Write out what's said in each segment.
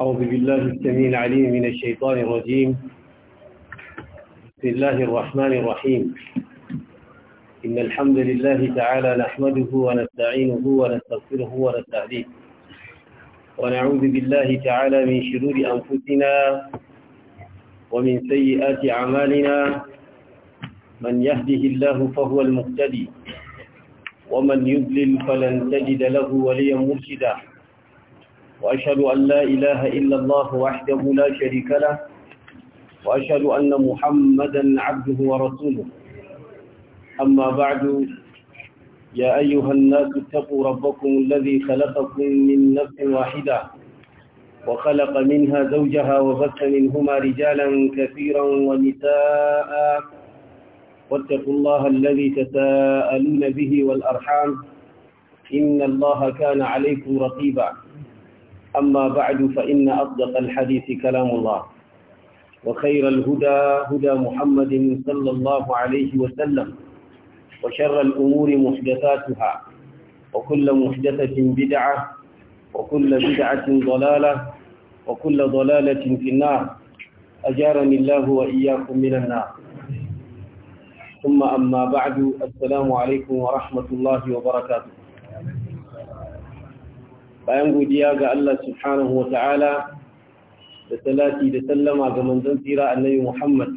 أعوذ بالله السميع العليم من الشيطان الرجيم بسم الله الرحمن الرحيم إن الحمد لله تعالى نحمده ونستعينه ونستغفره ونستهديه ونعوذ بالله تعالى من شرور أنفسنا ومن سيئات أعمالنا من يهده الله فهو المهتدي ومن يضلل فلن تجد له وليا مرشدا وأشهد أن لا إله إلا الله وحده لا شريك له وأشهد أن محمدا عبده ورسوله أما بعد يا أيها الناس اتقوا ربكم الذي خلقكم من نفس واحدة وخلق منها زوجها وبث منهما رجالا كثيرا ونساء واتقوا الله الذي تساءلون به والأرحام إن الله كان عليكم رقيبا أما بعد فإن أصدق الحديث كلام الله وخير الهدى هدى محمد صلى الله عليه وسلم وشر الأمور محدثاتها وكل محدثة بدعة وكل بدعة ضلالة وكل ضلالة في النار أجارني الله وإياكم من النار ثم أما بعد السلام عليكم ورحمة الله وبركاته bayan godiya ga Allah subhanahu wa ta'ala da salati da sallama ga manzon tsira annabi Muhammad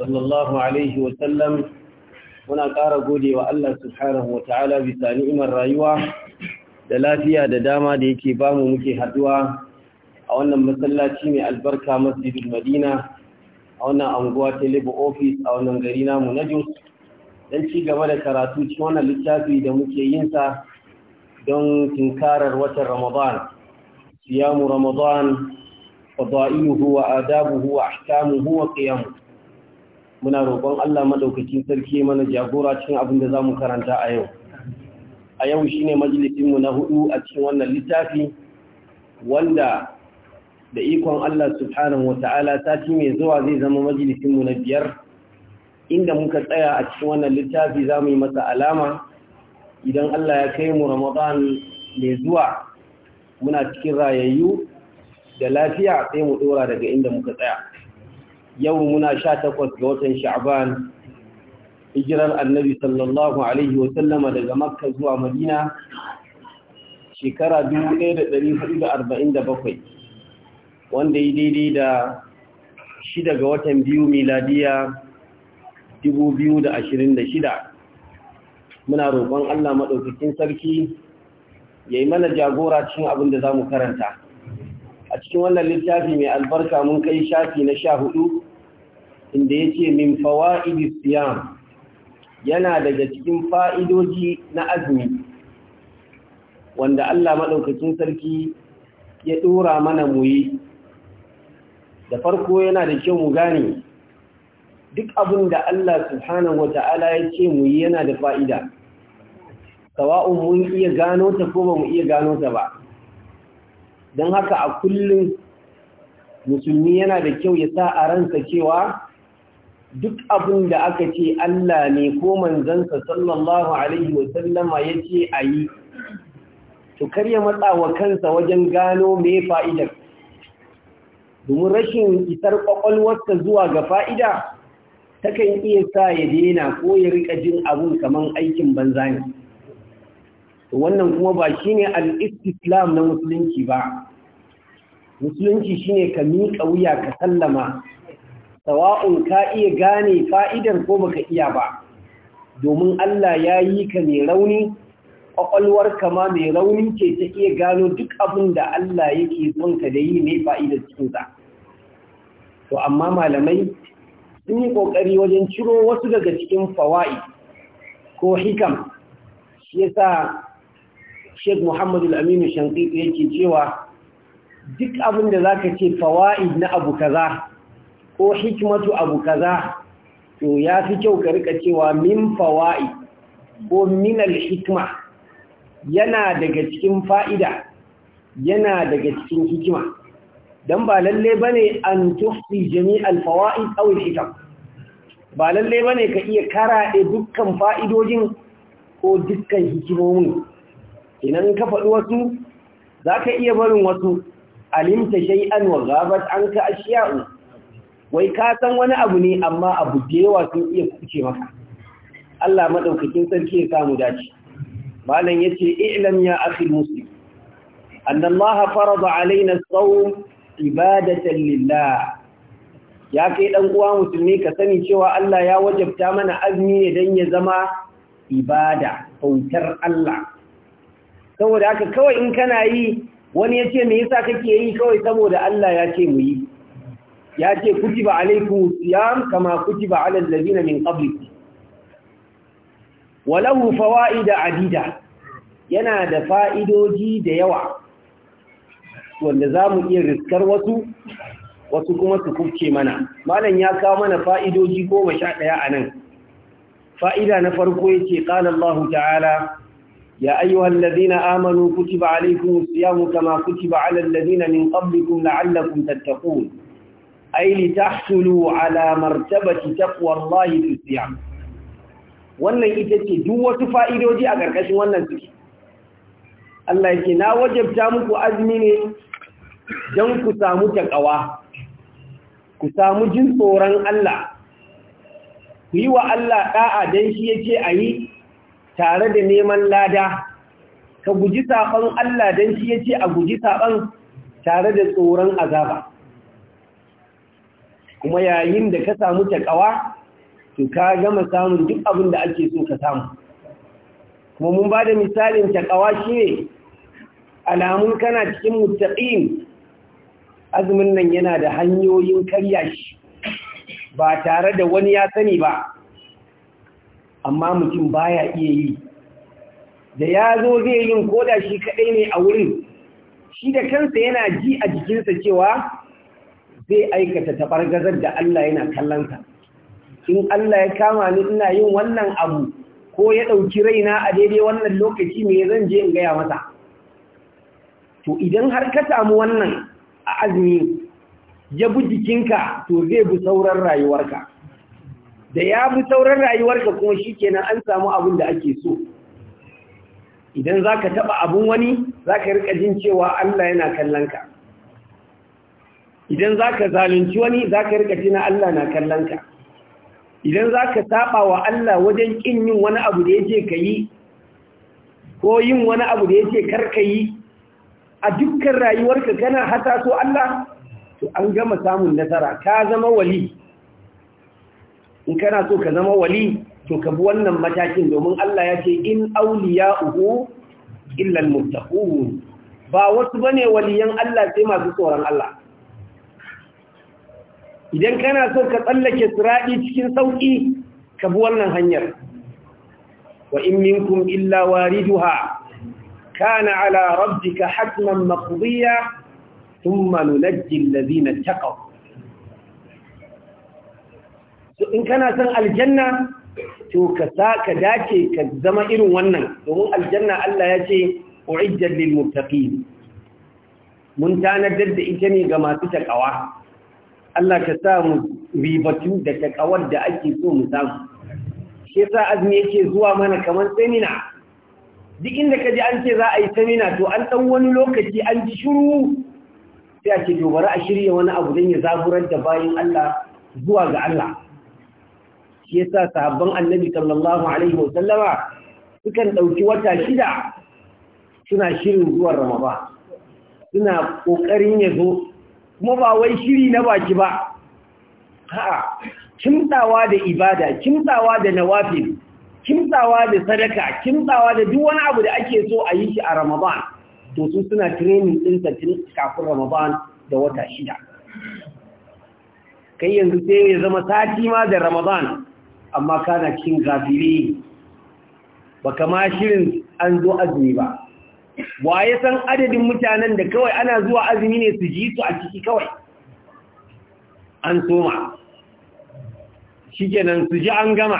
sallallahu alaihi wa sallam muna ƙara godewa Allah subhanahu wa ta'ala bisa ni'imar rayuwa da lafiya da dama da yake bamu muke haduwa a wannan masallaci mai albarka masjidul Madina a wannan anguwa ta Lebo office a wannan gari namu na Jos dan ci gaba da karatu cikin wannan littafi da muke yinsa. don tinkarar watan Ramadan siyamu Ramadan fadailuhu wa adabuhu wa ahkamuhu wa qiyamuhu muna roƙon Allah madaukakin sarki mana jagora cikin abin da zamu karanta a yau a yau shine majalisin mu na hudu a cikin wannan littafi wanda da ikon Allah subhanahu wata'ala sati mai zuwa zai zama majalisin mu na biyar inda muka tsaya a cikin wannan littafi zamu yi masa alama idan Allah ya kai mu Ramadan mai zuwa muna cikin rayayyu da lafiya sai mu dora daga inda muka tsaya yau muna sha takwas ga watan Sha'aban hijirar Annabi sallallahu alaihi wa sallama daga Makka zuwa Madina shekara 1447 wanda yi daidai da shida ga watan biyu miladiya 2026 muna roƙon Allah maɗaukakin sarki ya yi mana jagora cikin abin da za mu karanta a cikin wannan littafi mai albarka mun kai shafi na sha hudu inda ya ce min fawa'idi siyam yana daga cikin fa'idoji na azumi wanda Allah maɗaukakin sarki ya ɗora mana muyi da farko yana da kyau mu gane duk abin da Allah subhanahu wata'ala ya ce mu yi yana da fa'ida sawa'un mun iya gano ta ko ba mu iya gano ta ba don haka a kullum musulmi yana da kyau ya sa a ransa cewa duk abin da aka ce Allah ne ko manzansa sallallahu alaihi wasallama ya ce a yi to karya matsa wa kansa wajen gano mai fa'idar domin rashin isar ƙwaƙwalwarsa zuwa ga fa'ida takan iya sa ya daina ko ya rika jin abun kaman aikin banza ne To wannan kuma ba shine al-istislam na musulunci ba musulunci shine ka miƙa wuya ka sallama sawa'un ka iya gane fa'idar ko baka iya ba domin Allah ya yi ka mai rauni ƙwaƙwalwar kama mai rauni ce ta iya gano duk abin da Allah yake son ka da yi ne fa'idar cikinsa to amma malamai sun yi ƙoƙari wajen ciro wasu daga cikin fawa'i ko hikam shi yasa Sheikh Muhammadu Aminu Shankiti yake cewa duk abin da zaka ce fawa'i na abu kaza ko hikimatu abu kaza to ya fi kyau ka rika cewa min fawa'i ko minal hikima yana daga cikin fa'ida yana daga cikin hikima dan ba lalle bane an tufi jami'al fawaid aw al-hikam ba lalle bane ka iya karaɗe dukkan fa'idojin ko dukkan hikimomin idan ka faɗi wasu Za ka iya barin wasu alimta shay'an wa ghabat anka ashiya'u wai ka san wani abu ne amma abu da yawa sun iya kuce maka Allah madaukakin sarki ya samu dace malam yace i'lam ya akhi muslim anna Allah farada alaina tsawo. ibadatan lillah ya kai dan uwa musulmi ka sani cewa Allah ya wajabta mana azumi ne dan ya zama ibada bautar Allah saboda haka kawai in kana yi wani yace me yasa kake yi kawai saboda Allah ya ce mu yi ya ce kutiba alaykum siyam kama kutiba ala allazina min wa walahu fawaida adida yana da fa'idoji da yawa wanda za mu iya riskar wasu wasu kuma su kufce mana malam ya kawo mana fa'idoji goma sha ɗaya a nan fa'ida na farko ya ce ƙala Allah ta'ala ya ayyuhan ladina amanu kutiba alaikum siyamu kama kutiba alal ladina min qablikum la'allakum tattaqun ay litahsulu ala martabati taqwallahi fi siyam wannan ita ce duk wasu fa'idoji a ƙarƙashin wannan suke Allah ya yake na wajabta muku azumi ne don ku samu taƙawa ku samu jin tsoron Allah ku yi wa Allah ɗa'a don shi yake a yi tare da neman lada ka guji saɓon Allah don shi yake a guji saɓon tare da tsoron azaba kuma yayin da ka samu taƙawa to ka gama samun duk abin da ake so ka samu kuma mun ba da misalin taƙawa shi ne alamun kana cikin mutaƙin azumin nan yana da hanyoyin karya shi ba tare da wani ya sani ba amma mutum baya iya yi da ya zo zai yin koda shi kadai ne a wurin shi da kansa yana ji a jikinsa cewa zai aikata tabargazar da Allah yana kallonsa in Allah ya kama ni ina yin wannan abu ko ya ɗauki raina a daidai wannan lokaci me zan je in gaya masa to idan har ka samu wannan a azumi ya bi jikinka to zai bi sauran rayuwarka da ya bi sauran rayuwarka kuma shi kenan an samu abin da ake so idan za ka taɓa abin wani za ka rika jin cewa Allah yana kallonka idan za ka zalunci wani za ka rika jina Allah na kallonka idan za ka taɓa wa Allah wajen ƙin yin wani abu da ya ce ka yi ko yin wani abu da ya ce karka yi a dukkan rayuwarka kana hata so Allah to an gama samun nasara ka zama wali in kana so ka zama wali to ka bi wannan matakin domin Allah ya ce in awliya'uhu illa almuttaqun ba wasu bane waliyan Allah sai masu tsoron Allah idan kana so ka tsallake siradi cikin sauki ka bi wannan hanyar wa in minkum illa waridha كان على ربك حتما مقضيا ثم ننجي الذين اتقوا in kana son aljanna to ka ka dace ka zama irin wannan domin aljanna Allah ya ce uiddat lil muttaqin mun tanadar da ita ne ga masu takawa Allah ka sa mu ribatu da takawar da ake so mu samu shi yasa azumi yake zuwa mana kamar semina duk inda ka ji an ce za a yi samina to an ɗan wani lokaci an ji shuru sai a ce to a shirya wani abu dan ya zaburar da bayan Allah zuwa ga Allah shi yasa sahabban annabi sallallahu alaihi wasallama sukan ɗauki wata shida suna shirin zuwa ramadan suna ƙoƙarin ya zo kuma ba wai shiri na baki ba a'a kimtsawa da ibada kimtsawa da nawafil kimtsawa da sadaka kimtsawa da duk wani abu da ake so a yi shi a ramadan to su suna training din ta tun kafin ramadan da wata shida kai yanzu sai ya zama sati ma da ramadan amma kana cikin gafiri Ba kama shirin an zo azumi ba wa ya san adadin mutanen da kawai ana zuwa azumi ne su ji su a ciki kawai an soma shi kenan su ji an gama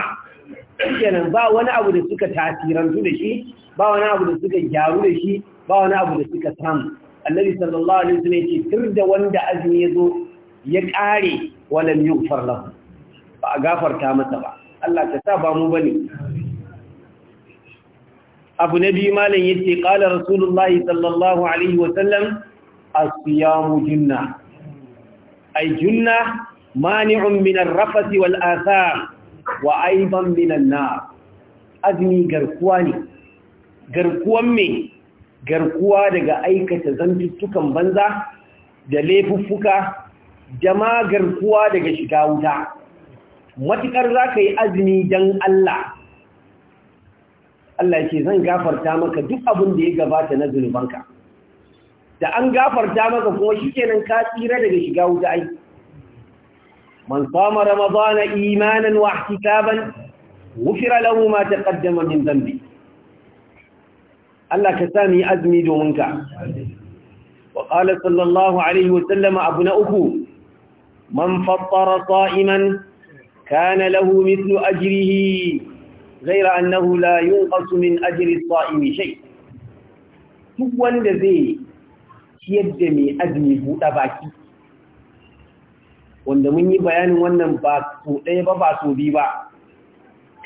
kenan ba wani abu da suka tasirantu da shi ba wani abu da suka gyaru da shi ba wani abu da suka samu annabi sallallahu alaihi wasallam yace tur da wanda azumi yazo ya kare walam yughfar lahu ba a gafarta masa ba Allah ka sa ba mu bane abu nabi malam yace qala rasulullahi sallallahu alaihi wasallam as-siyamu junna ay junna mani'un min ar-rafath wal atham wa aiban minan na azumi garkuwa ne garkuwan me garkuwa daga aikata zantuttukan banza da laifuffuka da garkuwa daga shiga wuta matukar za ka yi azumi don Allah Allah ce zan gafarta maka duk abin da ya gabata na zunubanka da an gafarta maka kuma shi kenan ka tsira daga shiga wuta aiki من صام رمضان إيمانا واحتسابا غفر له ما تقدم من ذنبه الله كسامي أزمي دومنك وقال صلى الله عليه وسلم أبناؤكم من فطر صائما كان له مثل أجره غير أنه لا ينقص من أجر الصائم شيء duk wanda zai ciyar da mai azumi buɗa baki wanda mun yi bayanin wannan ba su ɗaya ba ba su biyu ba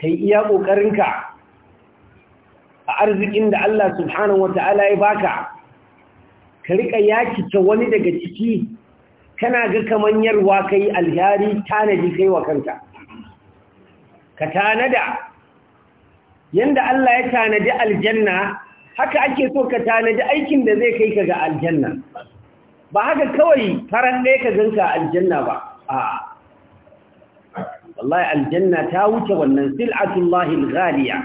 ka yi iya ƙoƙarinka a arzikin da Allah subhanahu Ta'ala ya baka ka riƙa ta wani daga ciki kana ga kamar yarwa ka yi alhari tanadi kai wa kanka ka tanada yanda Allah ya tanadi aljanna haka ake so ka tanadi aikin da zai kai ka ga aljanna ba haka kawai faran ɗaya ka ganka aljanna ba a wallahi aljanna ta wuce wannan sil'atullahi al-ghaliya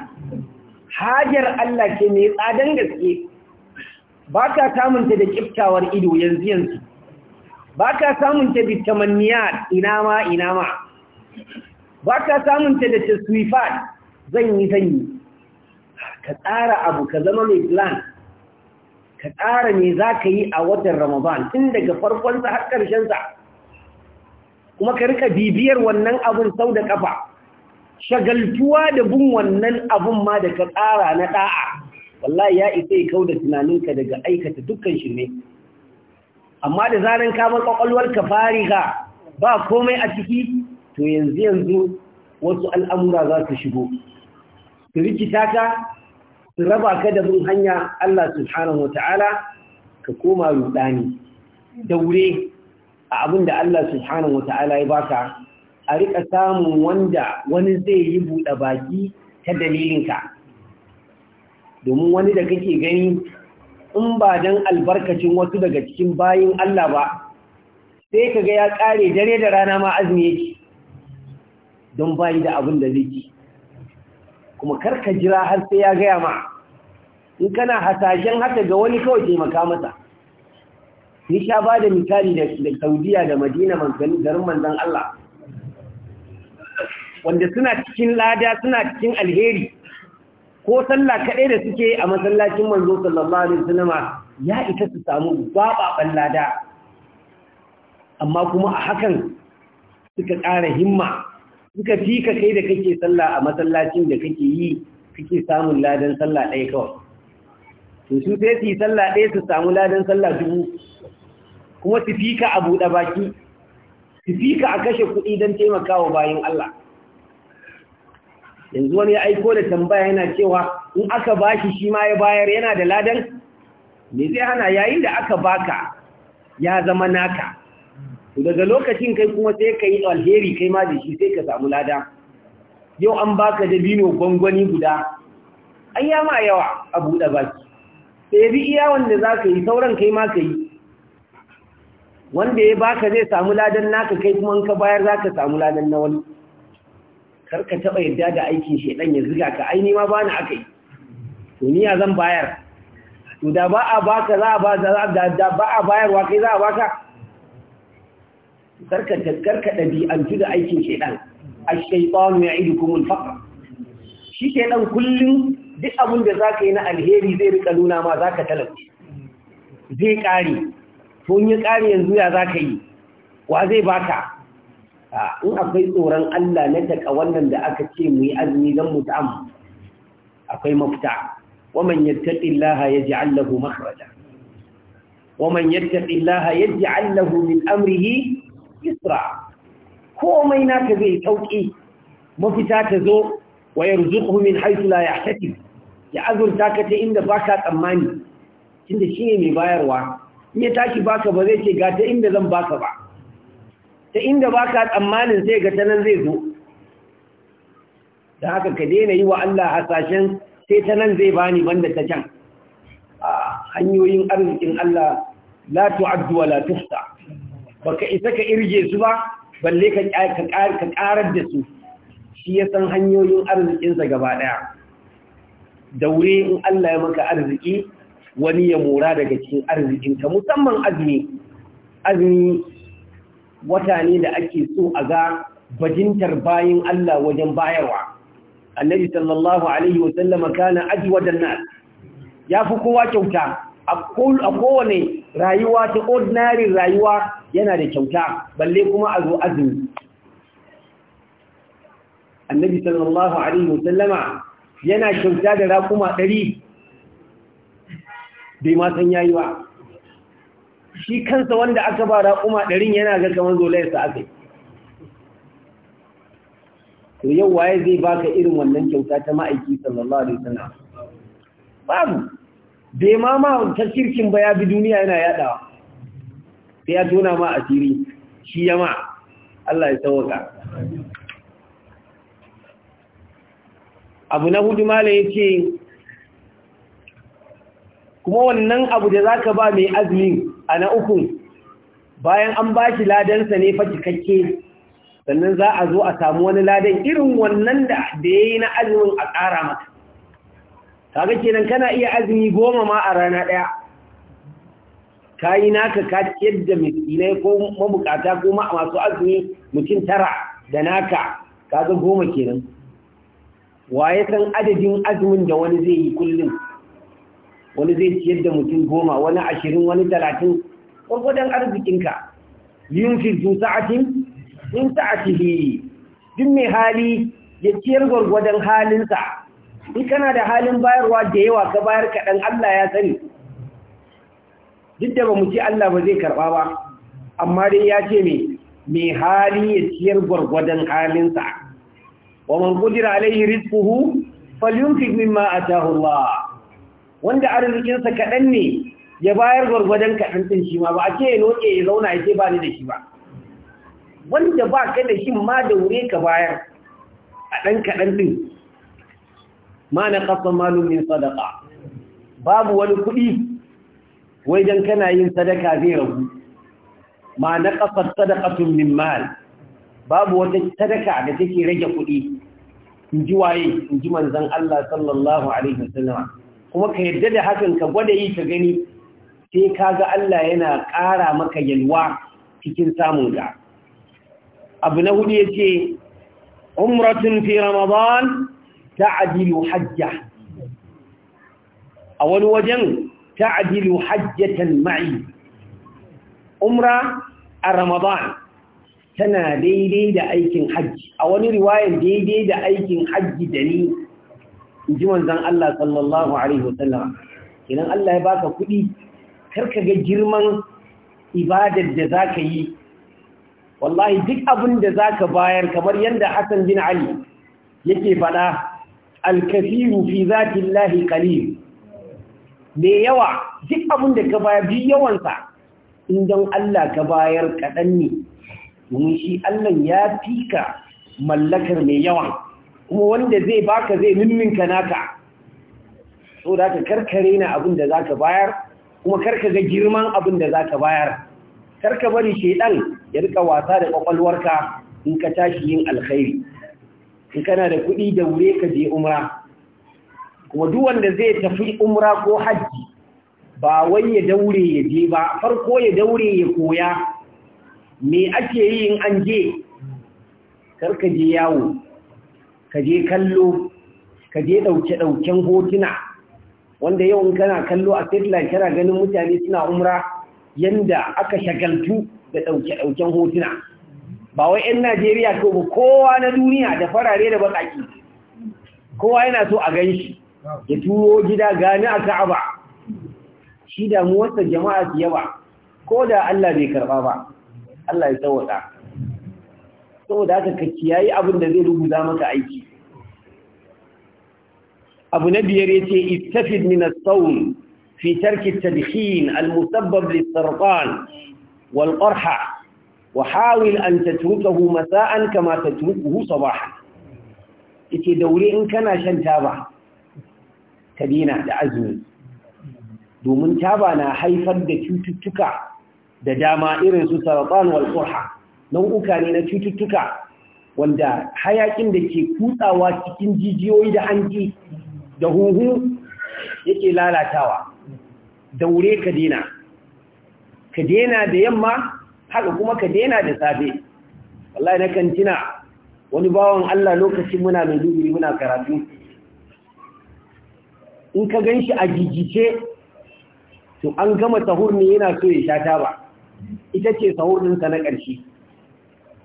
hajar Allah ke mai tsadan gaske ba ka samunta da kiftawar ido yanzu yanzu ba ka samunta da tamanniya ina ma ina ma ba ka samunta da taswifat zan yi zan yi ka tsara abu ka zama mai plan ka tsara me za ka yi a watan ramadan tun daga farkonsa har ƙarshensa kuma ka rika bibiyar wannan abin sau da ƙafa shagaltuwa da bin wannan abin ma da ka tsara na ɗa'a wallahi ya isa ya kau da tunaninka daga aikata dukkan shi ne. amma da zanen kamar ka fari ka, ba komai a ciki to yanzu yanzu wasu al'amura za su shigo su rikita ka su raba ka da bin hanya Allah subhanahu ta'ala ka koma rudani daure a abin da Allah subhanahu ta'ala ya baka a rika samun wanda wani zai yi buɗe baki ta dalilinka domin wani da kake gani in ba don albarkacin wasu daga cikin bayin Allah ba sai ka ga ya ƙare dare da rana ma azumi yake don bayi da abin da zai ci kuma karka jira har sai ya gaya ma in kana hasashen haka ga wani kawai taimaka masa ni sha ba da misali da saudiya da madina garin manzan Allah wanda suna cikin lada suna cikin alheri ko sallah kaɗai da suke a masallacin manzo sallallahu alaihi sinima ya ita su samu bababan lada amma kuma a hakan suka ƙara himma suka fi kai da kake sallah a masallacin da kake yi kake samun ladan sallah ɗaya kawai to su sai su yi sallah ɗaya su samu ladan sallah dubu kuma su fi a buɗe baki su fi a kashe kuɗi don taimakawa bayan Allah yanzu wani ya aiko da tambaya yana cewa in aka bashi shi ma ya bayar yana da ladan me zai hana yayin da aka baka ya zama naka to daga lokacin kai kuma sai ka yi alheri kai ma da shi sai ka samu lada yau an baka da bino gwangwani guda an ma yawa a buɗe baki sai bi iya wanda za ka yi sauran kai ma ka yi wanda ya baka zai samu ladan naka kai kuma in ka bayar za ka samu ladan na wani Kar ka taɓa yadda da aikin shaidan ya ziga ka aini ma bani aka yi to ni zan bayar to da ba a baka za a ba da ba a bayarwa kai za a baka karka karka ɗabi'antu da aikin shaidan ash-shaytanu ya'idukum al faɗa. shi shaidan kullum duk abin da zaka yi na alheri zai rika nuna ma zaka talabci. zai ƙari. Tun ya kare yanzu ya zaka yi wa zai baka in akwai tsoron Allah na taka wannan da aka ce mu yi azumi don mu ta'am akwai mafita waman yattaqillaha yaj'al lahu makhraja waman yattaqillaha yaj'al lahu min amrihi isra komai naka zai tauki mafita ta zo wa yarzuquhu min haythu la yahtasib ya azurta ka ta inda baka tsammani tunda ne mai bayarwa in ya tashi baka ba zai ce ga ta inda zan baka ba ta inda baka tsammanin sai ga ta nan zai zo da haka ka daina yi wa Allah hasashen sai ta nan zai bani banda ta can hanyoyin arzikin Allah la tu'addu wa la tuhsa Ba ka isa ka irge su ba balle ka karar da su shi ya san hanyoyin arzikinsa gaba daya daure in Allah ya maka arziki wani ya mora daga cikin arzikinka musamman azumi azumi wata ne da ake so a ga bajintar bayin Allah wajen bayarwa annabi sallallahu alaihi wasallam kana ajwadan nas yafi kowa kyauta a kowane rayuwa ta ordinary rayuwa yana da kyauta balle kuma a zo azumi annabi sallallahu alaihi wasallama yana kyauta da raƙuma ɗari bai ma san yayi ba shi kansa wanda aka ba raƙuma ɗarin yana ga kamar zolayarsa aka yi to yau waye zai baka irin wannan kyauta ta ma'aiki sallallahu alaihi wasallam babu bai ma ma ta kirkin ba ya bi duniya yana yadawa sai ya tona ma a siri shi ya ma Allah ya sauka abu na hudu mala ya ce kuma wannan abu da za ka ba mai azumin a na ukun bayan an ba shi ladansa ne fa cikakke sannan za a zo a samu wani ladan irin wannan da ya yi na azumin a ƙara mata. kaga kenan kana iya azumi goma ma a rana ɗaya ka yi naka ka yadda da miskinai ko mabukata ko masu azumi mutum tara da naka kaga goma kenan waye san adadin azumin da wani zai yi kullum wani zai ciyar da mutum goma wani ashirin wani talatin gwargwadon arzikinka yin firju sa'atin in sa'atihi duk mai hali ya ciyar gwargwadon halinsa in kana da halin bayarwa da yawa ka bayar kaɗan Allah ya sani duk da ba mu ci Allah ba zai karɓa ba amma dai ya ce me mai hali ya ciyar gwargwadon halinsa wa man qudira alaihi rizquhu falyunfiq mimma ataahu Allah wanda arzikinsa kaɗan ne ya bayar gwargwadon kaɗan ɗin shi ma ba a ce ya noke ya zauna ya ce ba ni da shi ba wanda ba ka da shi ma da wure ka bayar a ɗan kaɗan ɗin ma na kasa malu min sadaka babu wani kuɗi wai dan kana yin sadaka zai ragu ma na kasa sadakatun min mal babu wata sadaka da take rage kuɗi in ji waye in ji manzan Allah sallallahu alaihi wasallama kuma ka yadda da hakan ka gwada yi ka gani sai ka ga Allah yana ƙara maka yalwa cikin samun ga abu na hudu yace umratun fi ramadan ta'dilu hajja a wani wajen ta'dilu hajjatan ma'i umra a ramadan tana daidai da aikin hajji a wani riwayar daidai da aikin hajji da ni ji manzan Allah sallallahu Alaihi wasallam idan Allah ya baka kuɗi karka ga girman ibadar da zaka yi wallahi duk abin da za bayar kamar yadda Hassan bin Ali yake faɗa alkasiru fi zati lahi qalil da yawa duk abin da ka bayar bi yawansa in don Allah ka bayar kaɗan ne domin shi Allah ya fika mallakar mai yawan kuma wanda zai baka zai mimminka naka so da ka karkare na abin da za ka bayar kuma karka ga girman abin da za ka bayar karka bari shaidan ya rika wasa da kwakwalwarka in ka tashi yin alkhairi in kana da kuɗi da wure ka je umra kuma duk wanda zai tafi umra ko hajji ba wai ya daure ya je ba farko ya daure ya koya me ake yi in an je karka je yawo ka je kallo ka je ɗauke-ɗauken hotuna wanda yau in kana kallo a satellite kana ganin mutane suna umra yanda aka shagaltu da ɗauke-ɗauken hotuna ba wai 'yan najeriya ko ba kowa na duniya da farare da baƙaƙi kowa yana so a gan shi ya turo gida gani a ka'aba shi damuwarsa jama'a su yaba, ko da allah bai karɓa ba allah ya tsawata saboda haka ka kiyaye abin da zai rubuta maka aiki abu na biyar ya ce istafid min as-sawm fi tarki at-tadkhin al-musabbab lis-sarqan wal-qarha وحاول أن تتركه مساء كما تتركه صباحا in kana shan taba ka dina da azumi. domin taba na haifar da cututtuka da dama irin su saratan wal qurha nau'uka ne na cututtuka wanda hayakin da ke kutsawa cikin jijiyoyi da hanji da huhu yake lalatawa daure ka dena ka daina da yamma haka kuma ka daina da safe wallahi na kantina wani bawan Allah lokacin muna mai dubiri muna karatu in ka gan a jijice to an gama sahur ne yana so ya sha taba ita ce sahur ɗinsa na ƙarshe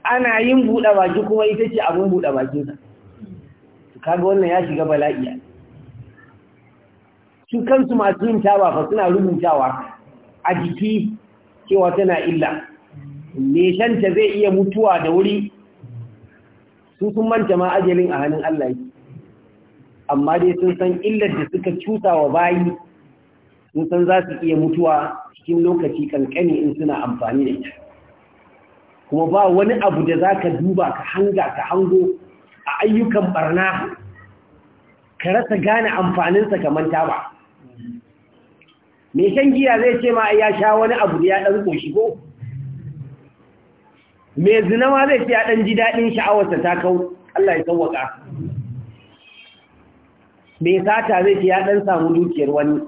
ana yin buɗe baki kuma ita ce abin buɗe bakinsa kaga wannan ya shiga bala'iya su kansu masu yin taba fa suna rubutawa a jiki cewa tana illa me shanta zai iya mutuwa da wuri su sun manta ma ajalin a hannun Allah yake amma dai sun san illar da suka cuta wa bayi sun san za su iya mutuwa cikin lokaci kankani in suna amfani da ita kuma ba wani abu da za ka duba ka hanga ka hango a ayyukan barna ka rasa gane amfaninsa ka ta ba mai shan giya zai ce ma ya sha wani abu da ya ɗan ƙoshi ko mai zinawa zai ce ya ji daɗin sha'awarsa ta kau Allah ya sauwaka mai sata zai ce samu dukiyar wani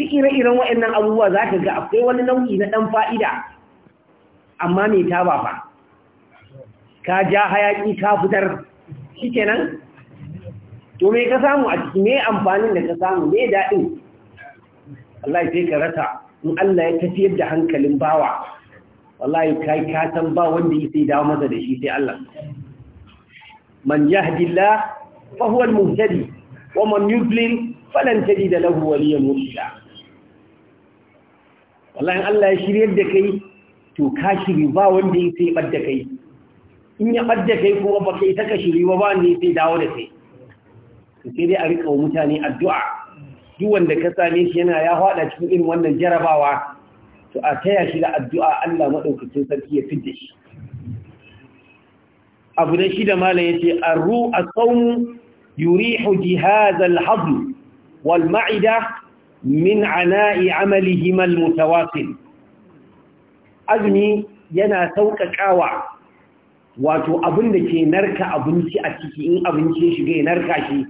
duk ire-iren wa'annan abubuwa za ka ga akwai wani nau'i na ɗan fa'ida amma mai ba fa ka ja hayaƙi ka fitar shi kenan to me ka samu a ciki me amfanin da ka samu me daɗin Allah sai ka rasa in Allah ya tafiyar da hankalin bawa wallahi kai ka san ba wanda yake dawo masa da shi sai Allah man yahdillah fa huwa al-muhtadi wa man yudlil falan tajid lahu waliyan murshida wallahi Allah ya shiryar da kai to ka shiri ba wanda yake badda kai in ya badda kai kuma ba kai saka shiri ba ba wanda sai dawo da kai to sai dai a rika wa mutane addu'a duk wanda ka same shi yana ya hada cikin irin wannan jarabawa to a taya shi da addu'a Allah maɗaukacin sarki ya da shi abu da shi da malam yace arru a yurihu jihaz al-hazm wal ma'ida min ana'i amalihi al-mutawasil azmi yana sauƙaƙawa wato abin da ke narka abinci a ciki in abinci shiga ya narka shi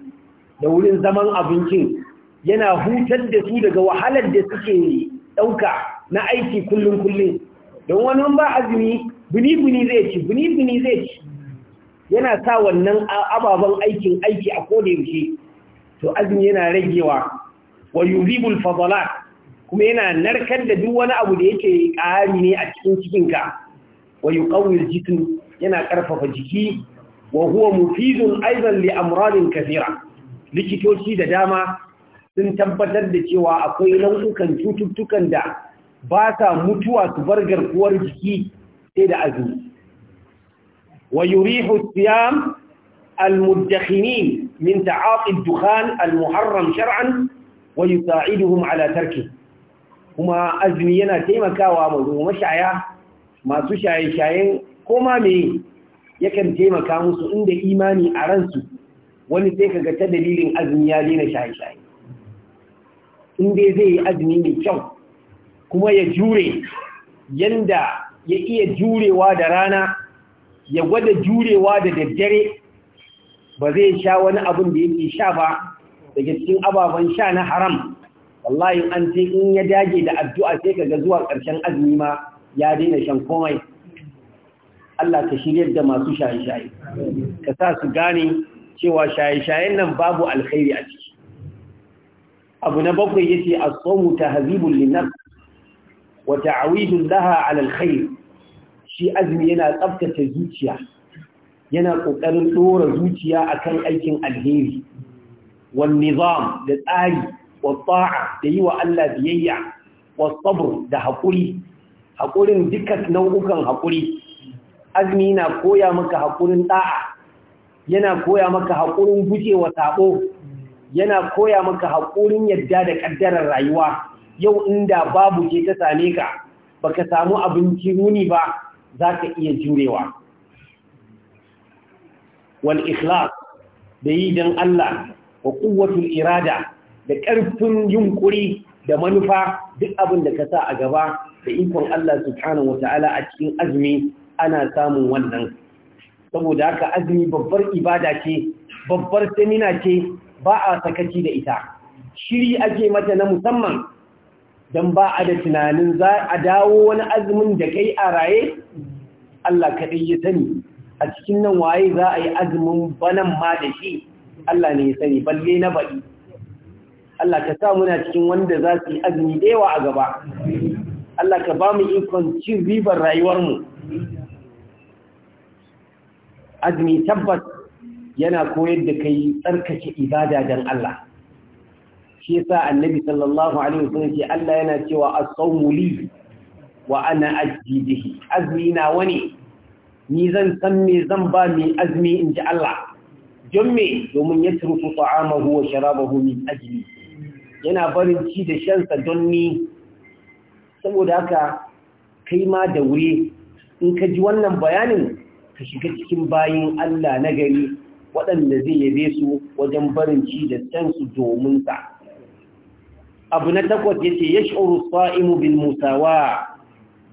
da wurin zaman abincin yana hutar da su daga wahalar da suke ɗauka na aiki kullum kullum don wani ba azumi bini-bini zai ci bini-bini zai ci yana sa wannan ababen aikin aiki a koda yaushe to azumi yana ragewa wa yuzibul fadalat kuma yana narkar da duk wani abu da yake ƙari ne a cikin cikinka wa yuqawwil jism yana ƙarfafa jiki wa huwa mufidun aidan li amradin kafira. likitoci da dama sun tabbatar da cewa akwai nau'ukan cututtukan da ba sa mutuwa su bar garkuwar jiki sai da azumi wa yurihu siyam almudakhinin min ta'aqi dukhan almuharram shar'an wa yusa'iduhum ala tarki kuma azumi yana taimakawa ma mashaya masu shaye-shayen koma me yakan taimaka musu inda imani a ransu wani sai kaga ta dalilin azumi ya daina shaye-shaye in zai yi azumi mai kyau kuma ya jure yanda ya iya jurewa da rana ya gwada jurewa da daddare ba zai sha wani abin da yake sha ba daga cikin ababen sha na haram wallahi an ce in ya dage da addu'a sai kaga zuwa ƙarshen azumi ma ya daina shan komai Allah ka shiryar da masu shaye-shaye ka sa su gane cewa shaye-shayen nan babu alkhairi a ciki abu na bakwai yace as-sawmu tahzibul linafs Wata ta'awidun laha ala alkhair shi azumi yana tsaftace zuciya yana kokarin ɗora zuciya akan aikin alheri wal nizam da tsari wa ta'a da yi wa Allah biyayya wa sabr da hakuri hakurin dukkan nau'ukan hakuri azumi na koya maka hakurin ɗa'a, yana koya maka haƙurin guje wa yana koya maka haƙurin yadda da ƙaddarar rayuwa yau inda babu ke ta same ka ba ka samu abinci muni ba za ka iya jurewa wal ikhlas da yi don Allah wa kuwatul irada da ƙarfin yunkuri da manufa duk abin da ka sa a gaba da ikon Allah subhanahu wata'ala a cikin azumi ana samun wannan saboda haka azumi babbar ibada ce babbar samina ce ba a sakaci da ita shiri ake mata na musamman don ba a da tunanin za a dawo wani azumin da kai a raye Allah kaɗai ya sani a cikin nan waye za a yi azumin banan ma da shi Allah ne ya sani balle na baɗi Allah ka sa muna cikin wanda za su yi azumi da yawa a gaba Allah ka ba mu ikon cin ribar rayuwarmu azumi tabbas yana koyar da kai tsarkake ibada don Allah shi yasa annabi sallallahu alaihi wasallam ce Allah yana cewa as-sawmu li wa ana ajji bihi azmi na wani ni zan san me zan ba mi azmi in ji Allah don me domin ya turu ta'amahu wa sharabahu min ajli yana barin ci da shansa don ni saboda haka kai ma da wuri in ka ji wannan bayanin ka shiga cikin bayin Allah na gari waɗanda zai yabe su wajen barin ci da cansu domin sa abu na takwas yace ya as-sa'imu bil musawa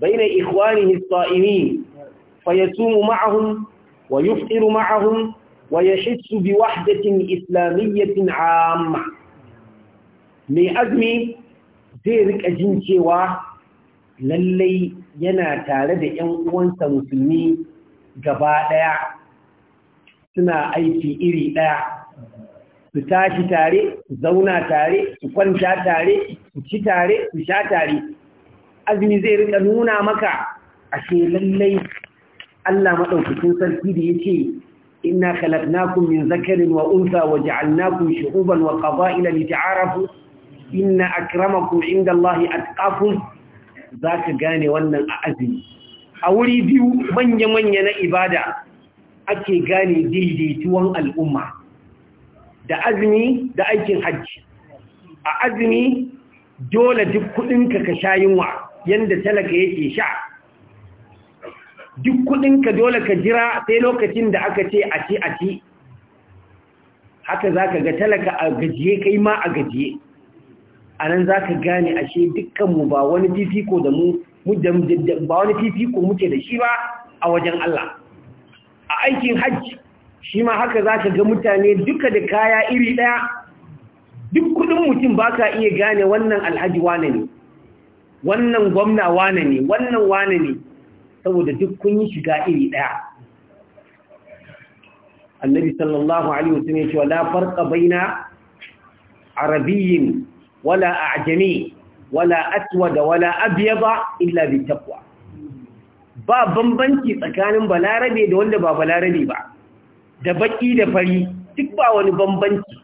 ikwani ikhwanihi fa ya fayasumu ma'ahum wa yufṭiru ma'ahum wa yahissu bi wahdatin islamiyyatin 'amma mai azmi zai rika jin cewa lallai yana tare da ‘yan uwansa musulmi gaba ɗaya suna aiki iri ɗaya su tashi tare su zauna tare su kwanta tare su ci tare su sha tare azumi zai rika nuna maka ashe lallai Allah maɗaukacin sarki da yace inna khalaqnakum min zakarin wa unsa wa ja'alnakum shu'uban wa qaba'ila ta'arafu inna akramakum indallahi atqakum zaka gane wannan a azumi a wuri biyu manya-manya na ibada ake gane daidaituwan al'umma da azumi da aikin hajji a azumi dole duk kudinka ka sha yunwa yanda talaka yake sha duk kudinka dole ka jira sai lokacin da aka ce a ci a ci haka zaka ga talaka a gajiye kai ma a gajiye a nan za ka gane ashe dukkanmu ba wani fifiko da mu ba wani fifiko muke da shi ba a wajen Allah a aikin hajji shi ma haka za ka ga mutane duka da kaya iri ɗaya duk kudin mutum ba ka iya gane wannan alhaji wane ne wannan gwamna wane ne wannan wane ne saboda duk kun yi shiga iri ɗaya annabi sallallahu alaihi wasallam ya ce wala farqa baina arabiyyin wala a'jami wala aswad wala abyada illa bi taqwa ba bambanci tsakanin balarabe da wanda ba balarabe ba da baki da fari duk ba wani bambanci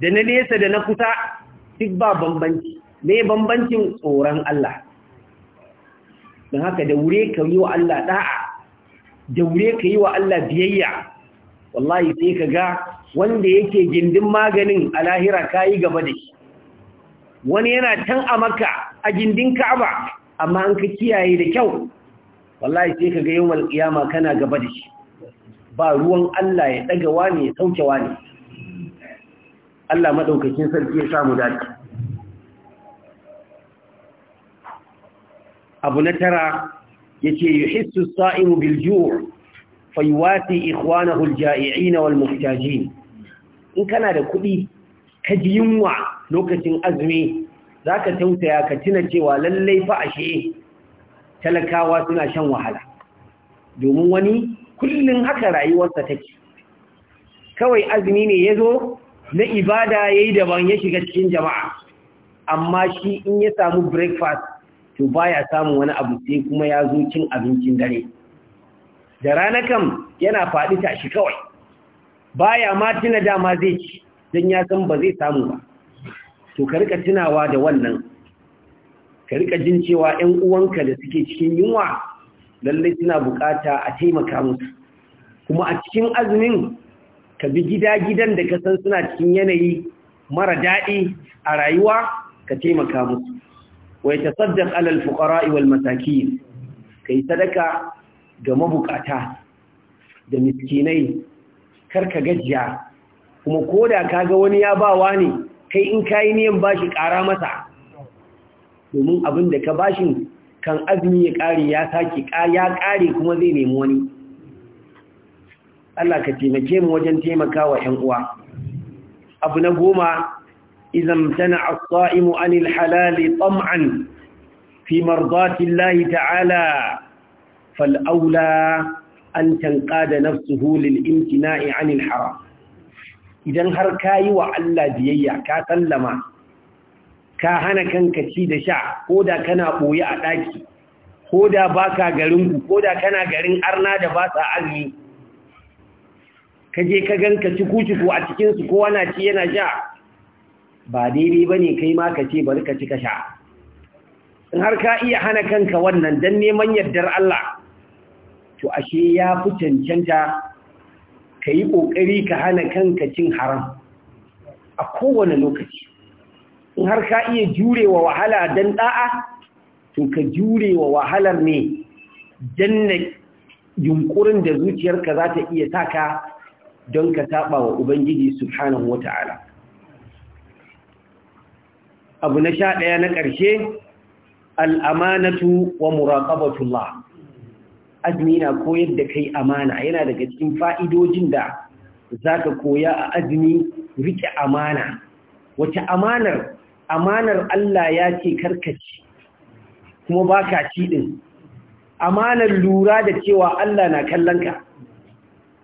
da na nesa da na kusa duk ba bambanci me bambancin tsoron Allah don haka da wure ka yi wa Allah da'a da wure ka yi wa Allah biyayya wallahi sai ka ga wanda yake gindin maganin a lahira ka yi gaba da shi wani yana can a maka a gindin ka'aba amma an ka kiyaye da kyau wallahi sai ka ga yawan kiyama kana gaba da shi ba ruwan Allah ya ɗaga wani ya sauke wani Allah maɗaukakin sarki ya samu dace abu na tara yace yuhissu saimu bil ju' ikwana ikhwanahu al-ja'i'in wal muhtajin in kana da kuɗi ka ji yunwa lokacin azumi zaka tausaya ka tuna cewa lallai fa ashe talakawa suna shan wahala domin wani kullum haka rayuwarsa take kawai azumi ne ya zo na ibada ya yi daban ya shiga cikin jama'a amma shi in ya samu breakfast to baya samun wani abu sai kuma ya zo cin abincin dare da rana kam yana faɗi tashi kawai baya ma tuna dama zai ci don ya san ba zai samu ba to ka rika tunawa da wannan ka rika jin cewa 'yan uwanka da suke cikin yunwa lallai suna bukata a taimaka musu kuma a cikin azumin ka bi gida-gidan da ka san suna cikin yanayi mara daɗi a rayuwa ka taimaka musu wai ta saddaq alal fuqara wal masakin kai sadaka ga mabukata da miskinai Kar ka gajiya kuma ko da ka ga wani ya bawa ne kai in kayi niyan bashi ƙara masa domin abin da ka bashin kan azumi ya ƙare ya sake ya ƙare kuma zai nemi wani Allah ka taimake mu wajen taimaka wa 'yan uwa abu na goma idan tana as-sa'imu anil halali tam'an fi mardati Lahi ta'ala fal aula an tanqada nafsuhu lil imtina'i anil haram idan har kayi wa Allah biyayya ka sallama ka hana kanka ci da sha ko da kana ɓoye a ɗaki ko da baka garin garinku ko da kana garin arna da ba sa azumi ka je ka ganka ciku-ciku a cikinsu kowa na ci yana sha ba daidai ba ne kai ma ka ce bari ka ci ka sha in har ka iya hana kanka wannan dan neman yardar Allah to ashe ya fi cancanta ka yi ka hana kanka cin haram a kowane lokaci in har ka iya jurewa wahala dan da'a to ka jurewa wahalar ne janna yunkurin da zuciyarka za ta iya saka don ka saba wa ubangiji subhanahu wata'ala abu na sha ɗaya na ƙarshe al'amanatu wa muraƙabatullah azumi na koyar da kai amana yana daga cikin fa'idojin da za ka koya a azumi riƙe amana wace amanar amanar Allah ya ce karkaci kuma ba ka ci ɗin amanar lura da cewa Allah na kallonka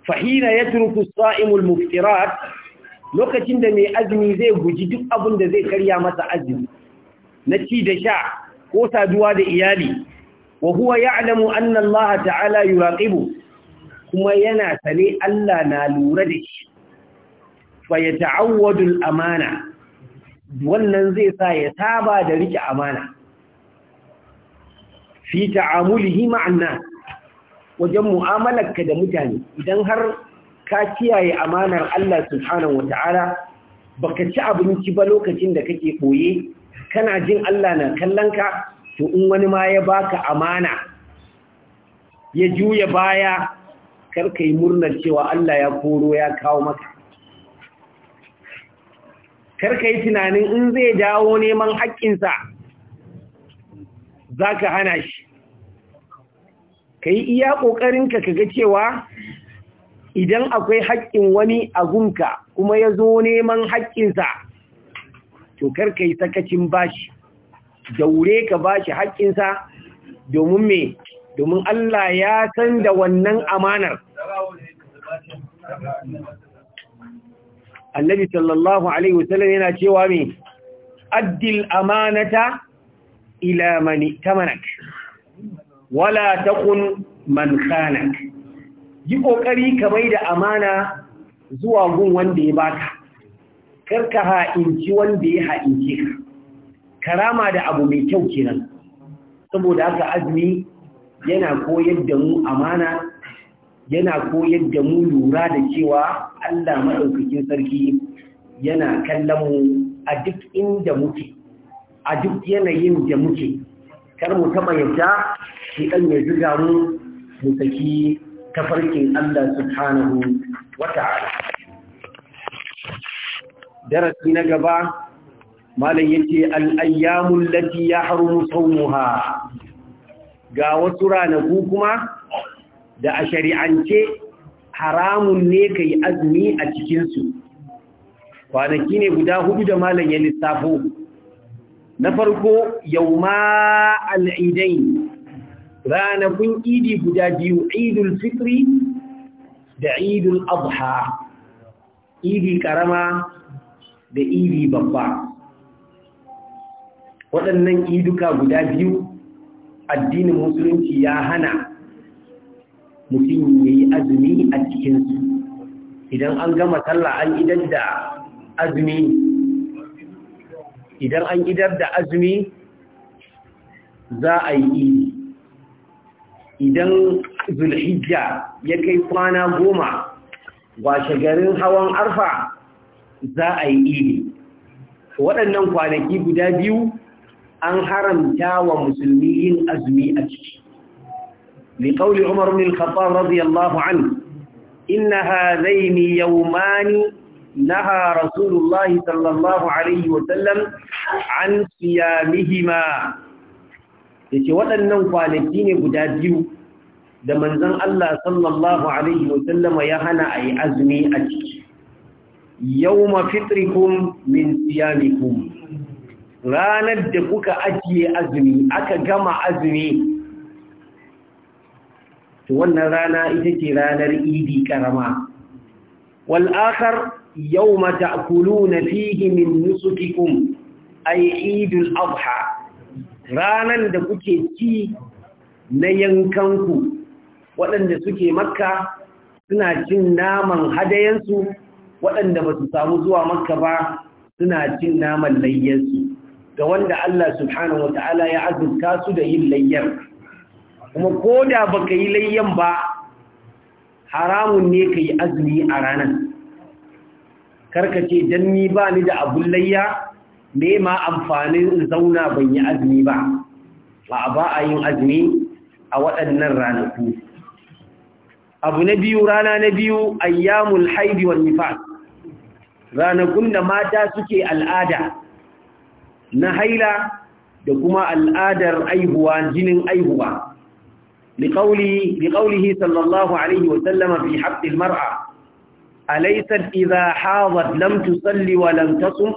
fahina ya turku sa'imul muftirat lokacin da mai azumi zai guji duk abin da zai karya masa azumi na ci da sha ko saduwa da iyali wa huwa ya'lamu anna Laha ta'ala yuraqibu kuma yana sane Allah na lura da shi fa yata'awwadu amana wannan zai sa ya saba da rike amana fi ta'amulihi ma'anna wajen mu'amalarka da mutane idan har ka kiyaye amanar Allah subhanahu wata'ala baka ci abinci ba lokacin da kake boye kana jin Allah na kallonka to in wani ma ya baka amana ya juya baya karka yi murnar cewa Allah ya koro ya kawo maka karka yi tunanin in zai dawo neman haƙƙinsa za ka hana shi ka yi iya ƙoƙarinka ka ga cewa idan akwai haƙƙin wani a gunka kuma ya zo neman haƙƙinsa to karka yi sakacin bashi daure ka bashi haƙƙinsa domin me domin Allah ya san da wannan amanar annabi sallallahu alaihi wasallam yana cewa me addil amanata ila tamanak wala takun man khanak yi kokari ka maida da amana zuwa gun wanda ya baka karka ha'inci wanda ya ha'ince ka karama da abu mai kyau kenan saboda haka azumi yana koyar da mu amana yana koyar da mu lura da cewa Allah maɗaukakin sarki yana kallon mu a duk inda muke a duk yanayin da muke kar mu taɓa yadda shi ɗan ya zuga mu mu saki tafarkin Allah subhanahu wata'ala. darasi na gaba malam yace al-ayyamul lati yahrumu sawmuha ga wasu ranaku kuma da a shari'ance haramun ne ka yi azumi a cikinsu kwanaki ne guda hudu da malam ya lissafo na farko yau ma al'idai ranakun idi guda biyu idul fitri da idul abha idi karama da idi babba waɗannan iduka guda biyu addinin musulunci ya hana mutum ya yi azumi a cikinsu idan an gama sallah an idar da azumi idan an idar da azumi za a yi idi idan zulhijja ya kai kwana goma washe garin hawan arfa za a yi idi waɗannan kwanaki guda biyu an haramta wa musulmi yin azumi a ciki لقول عمر بن الخطاب رضي الله عنه إن هذين يومان نهى رسول الله صلى الله عليه وسلم عن صيامهما yace waɗannan kwanaki ne guda biyu da manzon Allah sallallahu alaihi wa wasallam ya hana ayi azumi a ciki yawma fitrikum min siyamikum ranar da kuka ajiye azumi aka gama azumi wannan rana ita ce ranar idi karama wal'akar yau yawma ta'kuluna fihi min nusukikum ay idul Abha. ranan da kuke ci na yankanku waɗanda suke makka suna cin naman hadayensu waɗanda ba su samu zuwa makka ba suna cin naman layyansu ga wanda Allah subhanahu wata'ala ya azurta su da yin layyar kuma ko da ba yi layyan ba haramun ne ka yi azumi a ranar karkace don ni ba ni da abun layya ne ma amfanin zauna ban yi azumi ba ba a ba yin azumi a waɗannan ranaku abu na biyu rana na biyu ayyamul haidi wal nifas ranakun da mata suke al'ada na haila da kuma al'adar aihuwa jinin aihuwa لقوله, لقوله صلى الله عليه وسلم في حق المرأة أليست إذا حاضت لم تصلي ولم تصم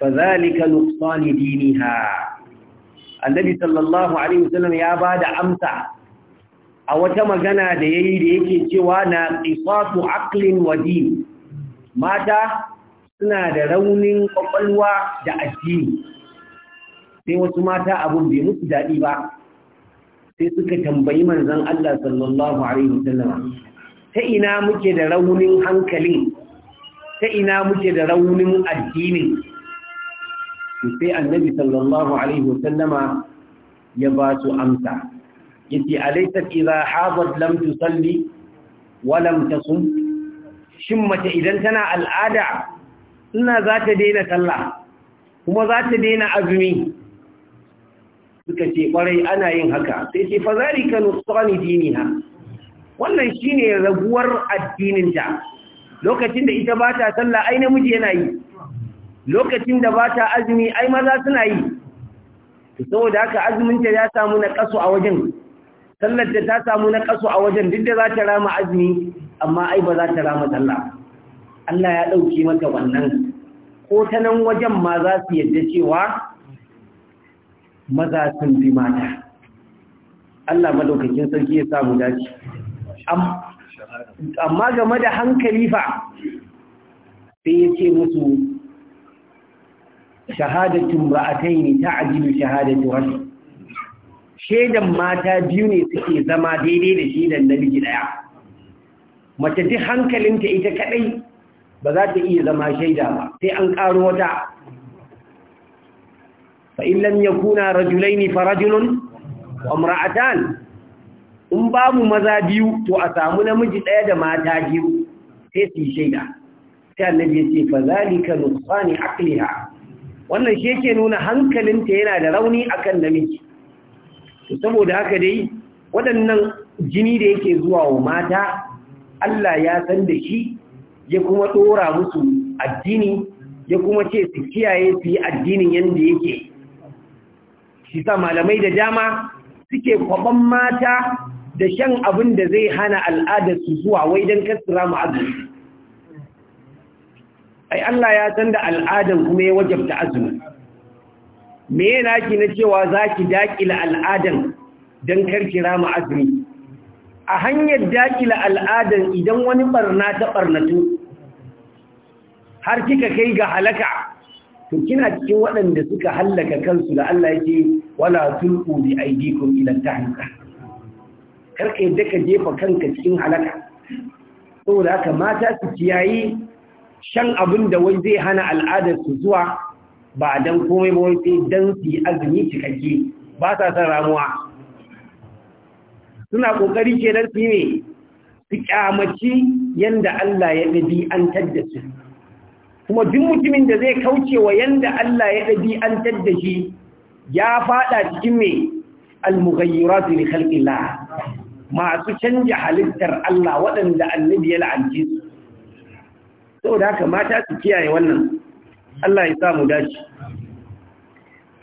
فذلك نقصان دينها النبي صلى الله عليه وسلم يا بعد أمتع أو تم جنا ديي ديكي جوانا قصاص عقل ودين ماذا suna da raunin kwakwalwa da addini sai wasu mata abun bai musu daɗi ba sai suka tambayi manzon Allah sallallahu alaihi wasallam ta ina muke da raunin hankalin ta ina muke da raunin addinin sai annabi sallallahu alaihi wasallama ya ba su amsa yace alaysa idha hadat lam tusalli wa lam tasum shin mace idan tana al'ada ina za ta daina sallah kuma za ta daina azumi suka ce kwarai ana yin haka sai ce fa zalika nusani diniha wannan shine raguwar addininta. ta lokacin da ita ba ta sallah ai namiji yana yi lokacin da ba ta azumi ai maza suna yi saboda haka azumin ta ya samu na kaso a wajen sallar da ta samu na kaso a wajen duk da za ta rama azumi amma ai ba za ta rama sallah Allah ya ɗauki mata wannan ko ta nan wajen ma za su yadda cewa maza sun fi mata Allah madaukakin sarki ya samu dace amma game da hankali fa sai ya ce musu shahadatun ra'atai ne ta ajiyu shahadatu rashi shaidan mata biyu ne suke zama daidai da shaidan namiji daya mace duk hankalinta ita kaɗai, ba za ta iya zama shaida ba sai an karo wata fa'in lam yakuna rajulaini farajulun amra'atan in ba mu maza biyu to a samu namiji ɗaya da mata biyu sai su yi shaida sai annabi ya ce fa zalika nuqsani aqliha wannan shi yake nuna hankalinta yana da rauni akan namiji to saboda haka dai waɗannan jini da yake zuwa wa mata Allah ya san da shi ya kuma ɗora musu addini ya kuma ce su kiyaye su yi addinin yadda yake shi sa malamai da dama suke kwaban mata da shan abin da zai hana al'adar su zuwa wai don kasira mu azumi ai Allah ya san da al'adar kuma ya wajabta azumi me yana ki na cewa za ki daƙila al'adar don karkira rama azumi a hanyar daƙile al'adar idan wani barna ta ɓarnatu. har kika kai ga halaka to kina cikin waɗanda suka hallaka kansu da Allah yake wala tulqu bi aidikum ila tahluka karka yadda ka jefa kanka cikin halaka saboda haka mata su kiyayi shan abin da wai zai hana al'adar su zuwa ba dan komai ba wai sai dan su yi azumi cikakke ba sa san ramuwa suna kokari kenan su yi ne su kyamaci yanda Allah ya dabi an tadda su kuma duk mutumin da zai kauce wa yanda Allah ya ɗabi'antar da shi ya faɗa cikin mai al-mughayyiratu li masu canja halittar Allah waɗanda annabi ya la'anci su haka mata su kiyaye wannan Allah ya samu dace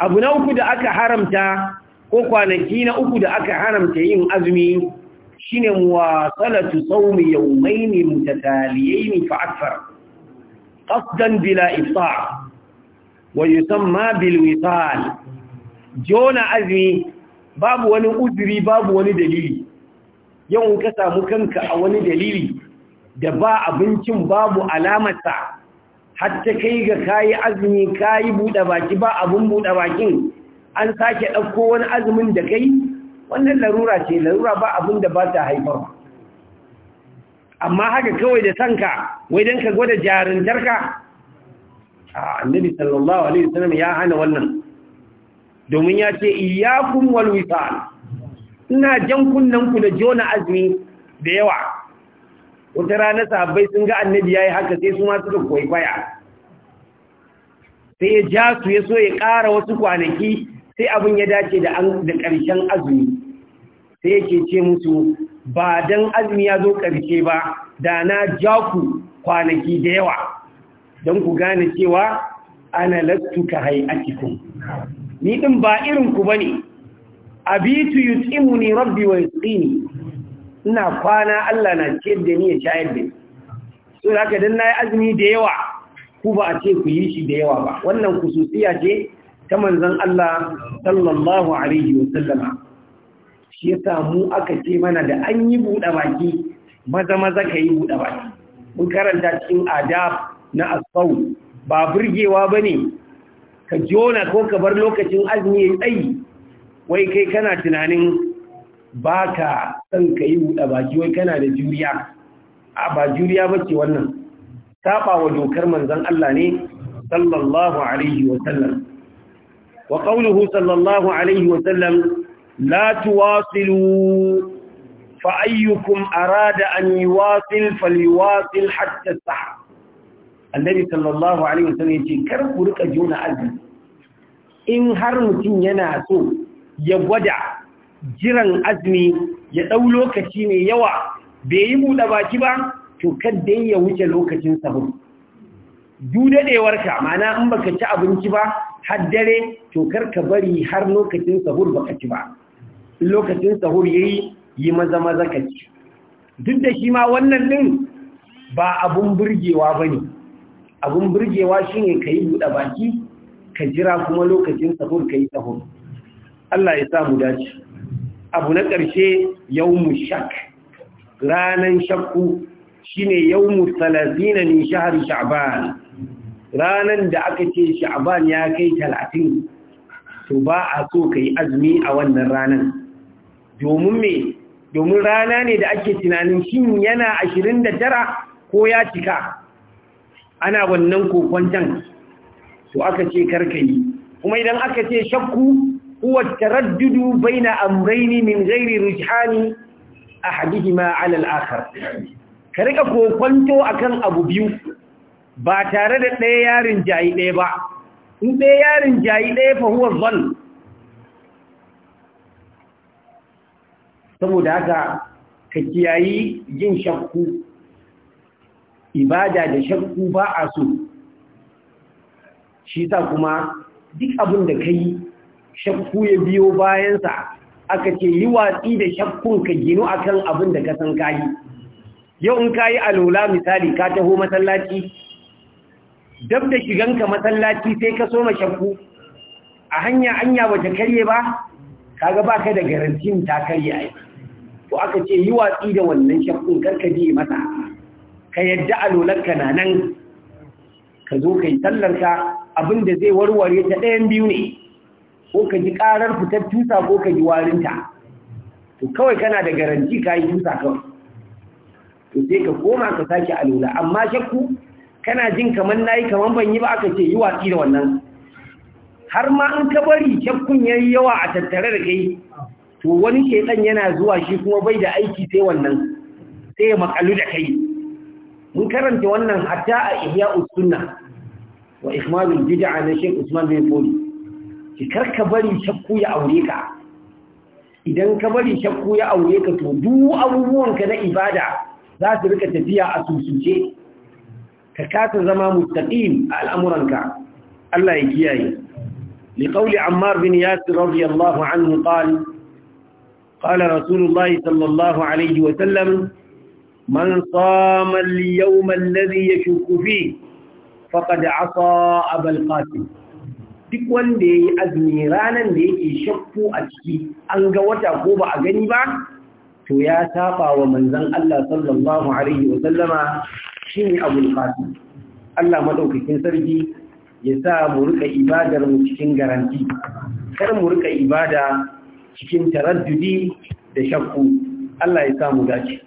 abu na uku da aka haramta ko kwanaki na uku da aka haramta yin azumi shine muwasalatu sawmi yawmayn mutataliyayni fa akthar qasdan bila ifsa wa yusamma bil wisal jona azmi babu wani uzuri babu wani dalili yau ka samu kanka a wani dalili da ba abincin babu alamata hatta kai ga kayi azumi kayi buɗe baki ba abin buɗe bakin an sake ɗauko wani azumin da kai wannan larura ce larura ba abin da ba ta amma haka kawai da sanka wai don ka gwada jarintarka annabi sallallahu alaihi wasallam ya hana wannan domin ya ce iyyakum wal wisal ina jan kunnen ku da jona azumi da yawa wata rana sahabbai sun ga annabi yayi haka sai su ma suka koyi sai ya ja su ya so ya ƙara wasu kwanaki sai abin ya dace da ƙarshen azumi sai yake ce musu ba don azumi ya zo ƙarshe ba da na ja ku kwanaki da yawa don ku gane cewa ana lattu ka cikin ni ɗin ba irinku ba ne abitu yi tsimu ne rabbi wa tsini ina kwana Allah na ce da ni ya shayar da ni so da haka don na yi azumi da yawa ku ba a ce ku yi shi da yawa ba wannan kususiya ce ta manzan Allah sallallahu alaihi wasallama shi ya samu aka ce mana da an yi buɗe baki maza maza ka yi buɗe baki mun karanta cikin adab na asau ba burgewa ba ne ka jona ko ka bar lokacin azumi ya tsayi wai kai kana tunanin ba ka son ka yi buɗe baki wai kana da juriya a ba juriya ba ce wannan saba wa dokar manzan Allah ne sallallahu alaihi wasallam wa qawluhu sallallahu alaihi wasallam la tuwasilu fa ayyukum arada an yuwasil falyuwasil hatta sah annabi sallallahu alaihi wasallam yace kar ku rika juna azumi in har mutum yana so ya gwada jiran azumi ya ɗau lokaci mai yawa bai yi buɗe baki ba to kadda ya wuce lokacin sabon dudadewarka mana in baka ci abinci ba har dare to ka bari har lokacin sahur baka ci ba lokacin sahur yayi yi maza maza ka duk da shi ma wannan din ba abun burgewa bane abun burgewa shine kai buɗe baki ka jira kuma lokacin sahur kai sahur Allah ya sa mu dace abu na ƙarshe yawmu shak ranan shakku shine yawmu 30 ne shahri sha'ban ranan da aka ce sha'ban ya kai 30 to ba a so kai azumi a wannan ranan domin me domin rana ne da ake tunanin shin yana ashirin da ko ya cika ana wannan kokwantan to aka ce karkayi kuma idan aka ce shakku huwa taraddudu baina amrayni min ghairi rujhani ahadihima ala al-akhar ka rika kokwanto akan abu biyu ba tare da ɗaya yarin jayi ɗaya ba in ɗaya yarin jayi ɗaya fa huwa zann saboda haka ka kiyayi yin shakku ibada da shakku ba a so shi ta kuma duk abin da ka yi shakku ya biyo bayansa aka ce yi watsi da shakkun ka ginu akan abin da ka san kayi yau in kayi alola misali ka taho masallaci dab da ka masallaci sai ka soma shakku a hanya anya bata karye ba kaga baka da garantin ta karye ai to aka ce yi watsi da wannan shakkun karka biye masa ka yadda alolarka na nan ka zo ka yi tallarka abinda zai warware ta ɗayan biyu ne ko ka ji ƙarar fitar tusa ko ka ji warinta to kawai kana da garanti ka yi tusa kawai to sai ka koma ka sake alola amma shakku kana jin kamar na yi kamar ban yi ba aka ce yi watsi da wannan har ma in ka bari shakkun yayi yawa a tattare da kai to wani shedan yana zuwa shi kuma bai da aiki sai wannan sai ya makalu da kai mun karanta wannan hatta a ihya usunna wa ihmadul bid'a na Usman bin Fodi ki karka bari shakku ya aure ka idan ka bari shakku ya aure ka to duk abubuwan ka na ibada za su rika tafiya a susuce ka kasa zama mustaqim a al'amuranka Allah ya kiyaye liqauli Ammar bin Yasir radiyallahu anhu qala قال رسول الله صلى الله عليه وسلم من صام اليوم الذي يشك فيه فقد عصى أبا القاسم duk wanda ya yi azumi ranar da yake shakku a ciki an ga wata ko ba a gani ba to ya saba wa manzan Allah sallallahu alaihi wa sallama shine abul qasim Allah madaukakin sarki ya sa mu rika ibadar mu cikin garanti kar mu rika ibada cikin taraddudi da shakku Allah ya samu dace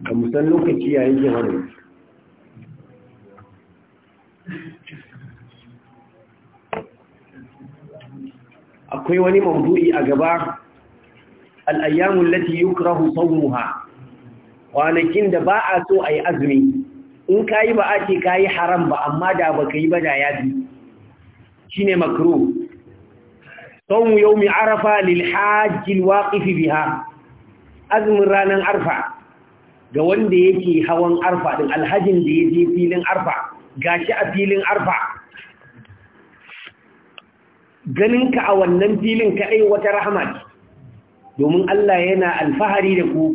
ga musan lokaci yayin wani akwai wani maudu'i a gaba al'ayyamun lati yukrahu saumuha kwanakin da ba a so a yi azumi in ka yi ba a ce ka haram ba amma da ba ka yi ba da ya shi ne صوم يوم عرفة للحاج الواقف بها أزم رانا عرفة جوان دي يكي هوان عرفة الحجم دي يجي فيلن عرفة filin arfa عرفة ganinka a wannan filin kaɗai wata rahama ce domin Allah yana alfahari da ku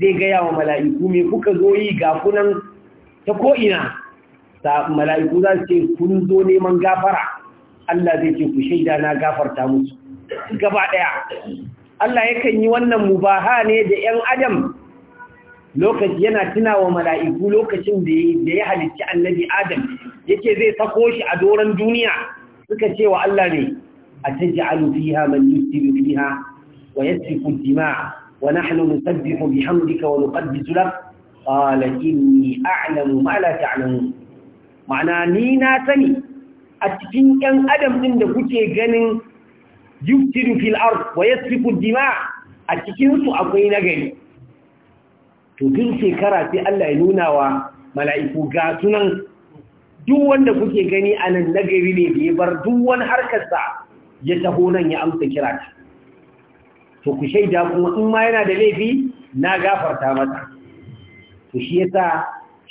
zai gaya wa mala'iku mai kuka zo yi gafunan ta ko'ina ta mala'iku za su ce kun neman gafara Allah zai ce ku shaida na gafarta musu gaba ɗaya Allah yakan yi wannan mubaha ne da ‘yan adam lokaci yana tuna wa mala'iku lokacin da ya halicci annabi adam yake zai sako shi a doron duniya suka ce wa Allah ne a canji alufiha man yusiru fiha wa yasifu dima wa nahnu nusabbihu bihamdika wa nuqaddisu lak qala inni a'lamu ma la ta'lamun ma'ana ni na sani a cikin ‘yan adam ɗin da kuke ganin yuftiru fil out wa yasfiku dima a cikinsu akwai nagari to duk shekara sai Allah ya nuna wa mala'iku ga sunan duk wanda kuke gani a nan nagari ne da ya bar duk wani harkarsa ya taho nan ya amsa kira ta to ku shaida kuma in ma yana da laifi na gafarta mata to shi yasa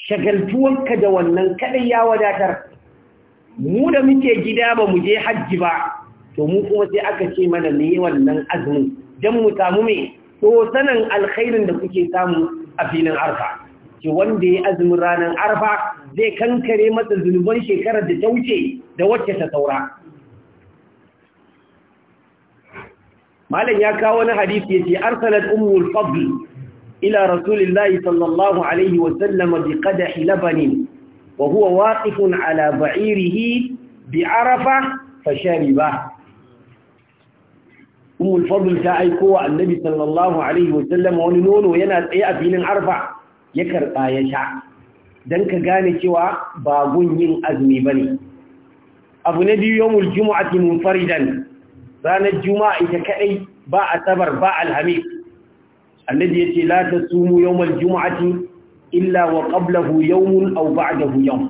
shagaltuwanka da wannan kaɗai ya wadatar mu da muke gida ba mu je hajji ba to mu kuma sai aka ce mana ne wannan azumin dan mu samu me to sanan alkhairin da kuke samu a filin arfa ce wanda ya azumin ranar arfa zai kankare masa zunuban shekarar da ta wuce da wacce ta saura malam ya kawo wani hadisi yace arsalat ummul fadl ila rasulillahi sallallahu alaihi wa sallam bi qadahi labanin wa huwa waqifun ala ba'irihi bi arafa fashariba ummul fadl ta aiko wa annabi sallallahu alaihi wasallam wani nono yana tsaye a filin arfa ya karba ya sha dan ka gane cewa ba gun yin azumi bane abu na biyu yawmul jumu'ati munfaridan ranar juma'a ita kadai ba asabar ba alhamis annabi yace la tasumu yawmal jumu'ati illa wa qablahu yawmun aw ba'dahu yawm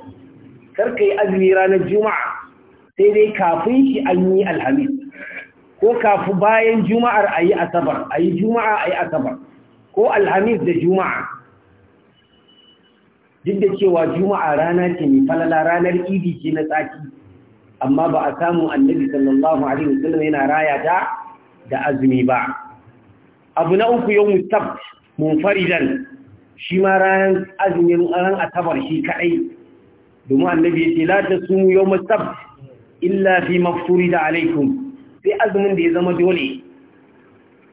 kar kai azumi ranar juma'a sai dai kafin shi an yi alhamis ko kafu bayan juma'ar ayi asabar ayi juma'a ayi asabar ko alhamis da juma'a duk da cewa juma'a rana ce mai falala ranar idi ce na tsaki amma ba a samu annabi sallallahu alaihi wasallam yana raya ta da azumi ba abu na uku yau mustab munfaridan shi ma ranar azumin ran asabar shi kaɗai domin annabi ya ce la ta sun yau musab illa fi mafsuri da alaikum sai azumin da ya zama dole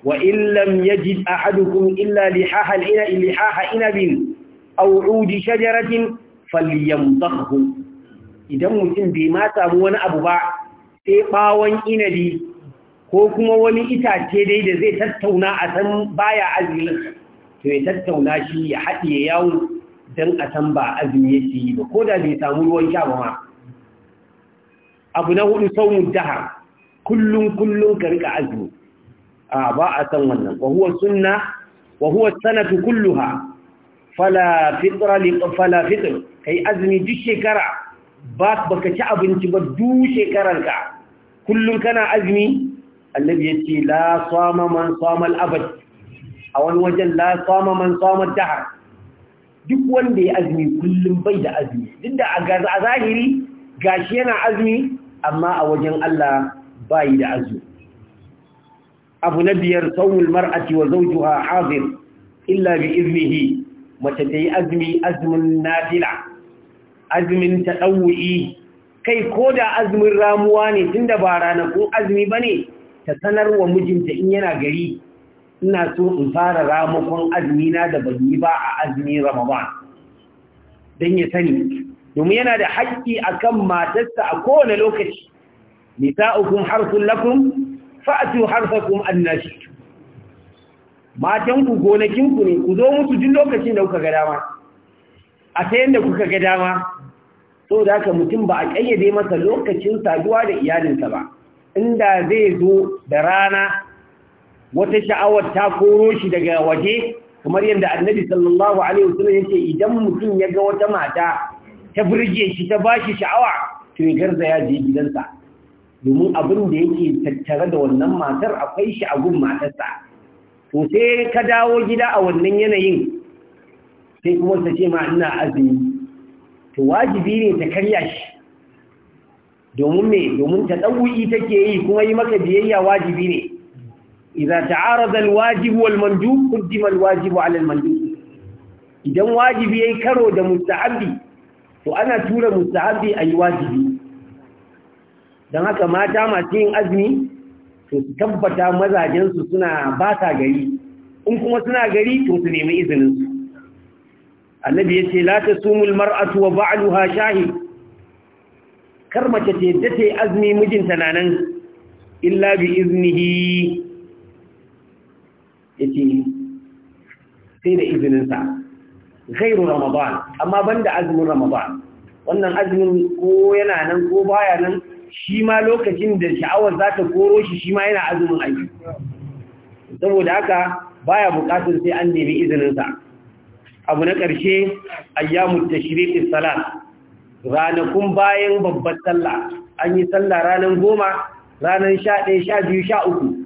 wa illam yajid ahadukum illa lihaha ina lihaha inabin aw udi shajaratin falyamdahu idan mutum bai ma samu wani abu ba sai bawon inabi ko kuma wani itace dai da zai tattauna a san baya azumin to ya tattauna shi ya haɗiye yawon don a san ba azumi yake yi ba ko da zai samu ruwan sha ba ma abu na hudu saumun dahar kullum kullum ka rika azumi a ba a san wannan wa suna, sunna wa huwa sanatu kulluha fala fitra li fala fitr kai azumi duk shekara ba baka ci abinci ba duk shekarar ka kullum kana azumi annabi ce la sama man abad a wani wajen la sama man sama dahar duk wanda ya azumi kullum bai da azumi duk da a zahiri gashi yana azumi amma a wajen Allah bai da azumi abu na biyar saumul mar'ati wa zawjuha hadir illa bi iznihi mace ta yi azumi azumin nafila azumin taɗawu'i kai ko da azumin ramuwa ne tunda ba ranakun azumi ba ne ta sanarwa mijinta in yana gari ina so in fara ramakon azumi na da ban yi ba a azumin Ramadan dan ya sani domin yana da haƙƙi akan matarsa a kowane lokaci nisa'ukum harsun lakum fa'atu harsakum annashi matan ku gonakin ku ne ku zo musu duk lokacin da kuka ga dama a ta da kuka ga dama so da mutum ba a ƙayyade masa lokacin saduwa da iyalinsa ba inda zai zo da rana wata sha'awar ta koro shi daga waje kamar yadda annabi sallallahu alaihi wasallam yake idan mutum ya ga wata mata ta burge shi ta bashi sha'awa to ya garza ya je gidansa domin abin da yake tattare da wannan matar akwai shi a gun matarsa to sai ka dawo gida a wannan yanayin sai kuma ta ce ma ina azumi to wajibi ne ta karya shi domin me domin ta ɗauki take yi kuma yi maka biyayya wajibi ne idza ta'arada alwajib wal mandub qaddima alwajib ala almandub idan wajibi yayi karo da mustahabi to ana tura mustahabi ayi wajibi dan haka mata masu yin azumi to su tabbata mazajen su suna ba ta gari in kuma suna gari to su nemi izinin su annabi yace la sumul mar'atu wa ba'luha shahid kar mace ta yadda ta yi azumi mijinta na nan illa bi iznihi yace sai da izinin sa ramadan amma banda azumin ramadan wannan azumin ko yana nan ko baya nan shi ma lokacin da sha'awar za ta koro shi shi ma yana azumin aiki saboda haka baya bukatun sai an nemi izininsa. abu na ƙarshe ayyamut tashriqis salat ranakun bayan babbar sallah an yi sallah ranar goma ranar sha ɗaya sha biyu sha uku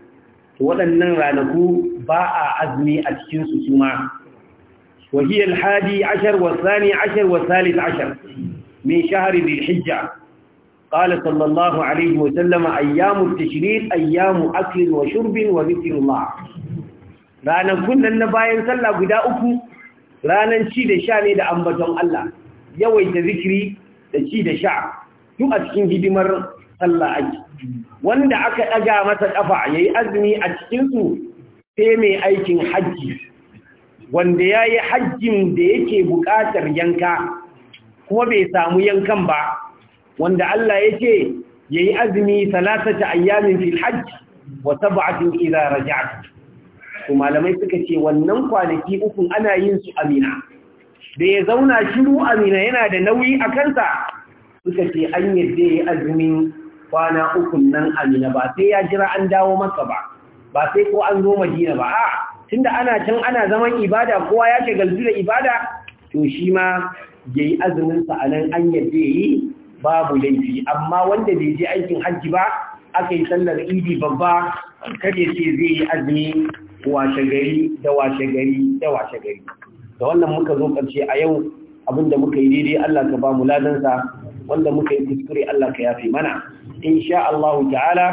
waɗannan ranaku ba a azumi a cikinsu su ma wahiyar hadi ashar wasani ashar wasalit ashar min shahari bil hijja qala sallallahu alaihi wa sallama ayyamu tashrik ayyamu aklin wa shurbin wa zikrullah na bayan sallah guda uku ranan ci da sha ne da ambaton Allah yawaita zikiri da ci da sha duk a cikin hidimar sallah ake wanda aka ɗaga masa ƙafa ya yi azumi a cikinsu sai mai aikin hajji wanda ya yi hajjin da yake buƙatar yanka kuma bai samu yankan ba wanda Allah ya ce ya yi azumi salatata ayyamin fil hajji wa sab'atin idza malamai suka ce wannan kwanaki uku ana yin su amina da ya zauna shiru amina yana da nauyi a kansa suka ce an yadda ya yi azumin kwana uku nan amina ba sai ya jira an dawo maka ba ba sai ko an zo madina ba a tunda ana can ana zaman ibada kowa ya galbi da ibada to shi ma yayi azumin sa anan an yadda yayi babu laifi amma wanda bai je aikin hajji ba aka yi sallar idi babba ya ce zai yi azumi washe gari da washe gari da washe gari da wannan muka zo karshe a yau abinda muka yi daidai Allah ka ba mu ladansa wanda muka yi kuskure Allah ka yafe mana insha Allah ta'ala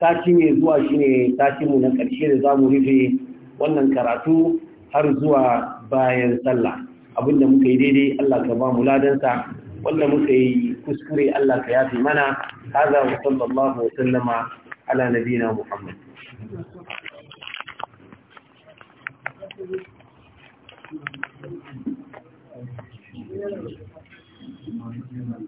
sati mai zuwa shine sati mu na karshe da zamu rufe wannan karatu har zuwa bayan sallah abinda muka yi daidai Allah ka ba mu ladansa wanda muka yi kuskure Allah ka yafe mana hada wa sallallahu wa sallama ala nabina Muhammad Thank you.